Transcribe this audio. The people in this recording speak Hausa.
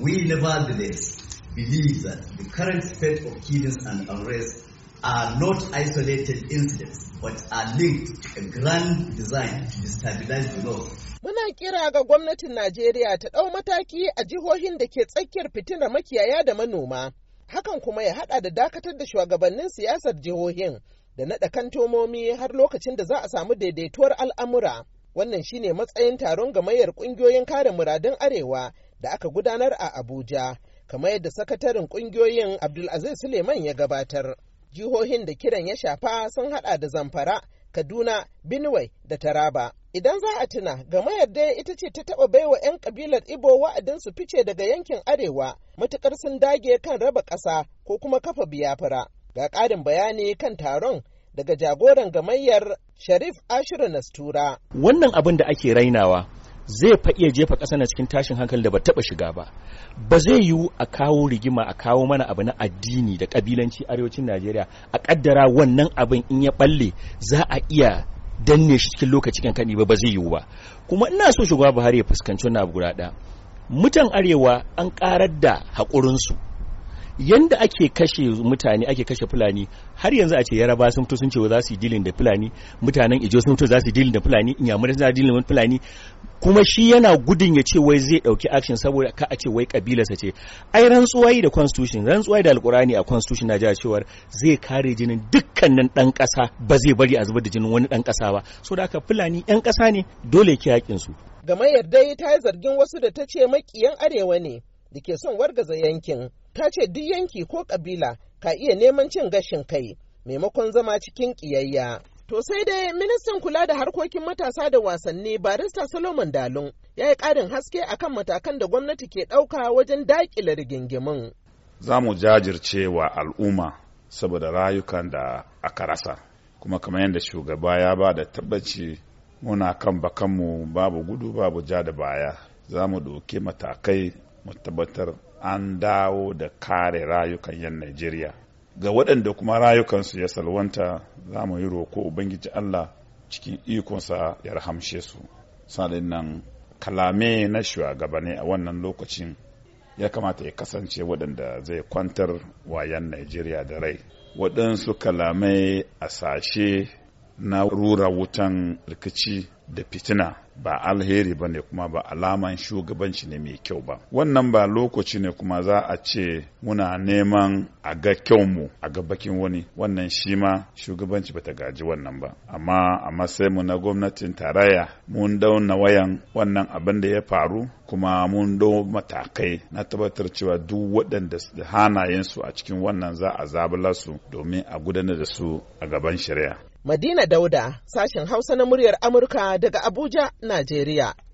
We nevertheless believe that the current state of killings and unrest are not isolated incidents but are linked to a grand design to destabilize the North Muna kira ga gwamnatin Najeriya ta ɗau mataki a jihohin da ke tsakiyar fitina makiyaya da manoma. Hakan kuma ya haɗa da dakatar da shugabannin siyasar jihohin da naɗa kantomomi har lokacin da za a samu daidaituwar al'amura. Wannan shine matsayin taron gamayyar ƙungiyoyin kare muradun Arewa da aka gudanar a Abuja, kamar yadda sakataren ƙungiyoyin Abdulaziz Suleiman ya gabatar. Jihohin da kiran ya shafa sun hada da Zamfara, Kaduna, Benue da Taraba. Idan za a tuna, gamayar dai ita ce ta taɓa baiwa 'yan ƙabilar Ibo wa'adin su fice daga yankin Arewa, matuƙar sun dage kan raba ƙasa ko kuma kafa biyafura. Ga ƙarin bayani kan taron daga jagoran gamayyar Sharif Ashiru Nastura. Wannan abin da ake rainawa zai fa iya jefa ƙasa na cikin tashin hankali da ba taɓa shiga ba ba zai yiwu a kawo rigima a kawo mana abu na addini da ƙabilanci arewacin najeriya a ƙaddara wannan abin in ya ɓalle za a iya danne shi cikin lokaci kan ba ba zai yiwu ba kuma ina so shugaba buhari ya fuskanci wannan abu guda ɗaya mutan arewa an ƙarar da haƙurinsu yanda ake kashe mutane ake kashe fulani har yanzu a ce yaraba sun fito sun ce za su yi dilin da fulani mutanen ijo sun fito za su yi dilin da fulani inyamurai za su dilin da fulani kuma shi yana gudun ya ce wai zai dauki action saboda ka a ce wai kabilarsa ce ai rantsuwayi da constitution rantsuwayi da alkurani a constitution na jira cewar zai kare jinin dukkanin dan kasa ba zai bari a zubar da jinin wani dan kasa ba so haka fulani yan kasa ne dole ki yakin su gama dai ta zargin wasu da ta ce makiyan arewa ne da ke son wargaza yankin ta ce duk yanki ko kabila ka iya neman cin gashin kai maimakon zama cikin ƙiyayya. To sai dai ministan kula da harkokin matasa da wasanni barista Solomon Dalun ya yi ƙarin haske akan matakan da gwamnati ke ɗauka wajen daƙile rigingimin. Za mu jajirce wa al'umma saboda rayukan da aka rasa. Kuma kamar yadda shugaba ya ba da tabbaci muna kan bakanmu babu gudu babu ja da baya. Za mu ɗauki matakai mu tabbatar an dawo da kare rayukan 'yan Najeriya. Ga waɗanda kuma rayukansu ya salwanta za mu yi roko Ubangiji Allah cikin ikonsa ya rahamshe su. Sa'adin nan kalame na shugabane a wannan lokacin ya kamata ya kasance waɗanda zai kwantar wa 'yan Najeriya da rai. Waɗansu kalamai a sashe na rura wutan rikici da fitina ba alheri ba ne kuma ba alaman shugabanci ne mai kyau ba wannan ba lokaci ne kuma za a ce muna neman a ga kyau mu a ga bakin wani wannan shi ma shugabanci bata gaji wannan ba amma a mu na gwamnatin taraya mun dauna wayan wannan abin da ya faru kuma mun dau matakai na tabbatar cewa duk waɗanda hanayensu a cikin wannan za a zabula su domin a gudanar da su a gaban shari'a. Madina Dauda, sashen Hausa na muryar Amurka daga Abuja, Najeriya.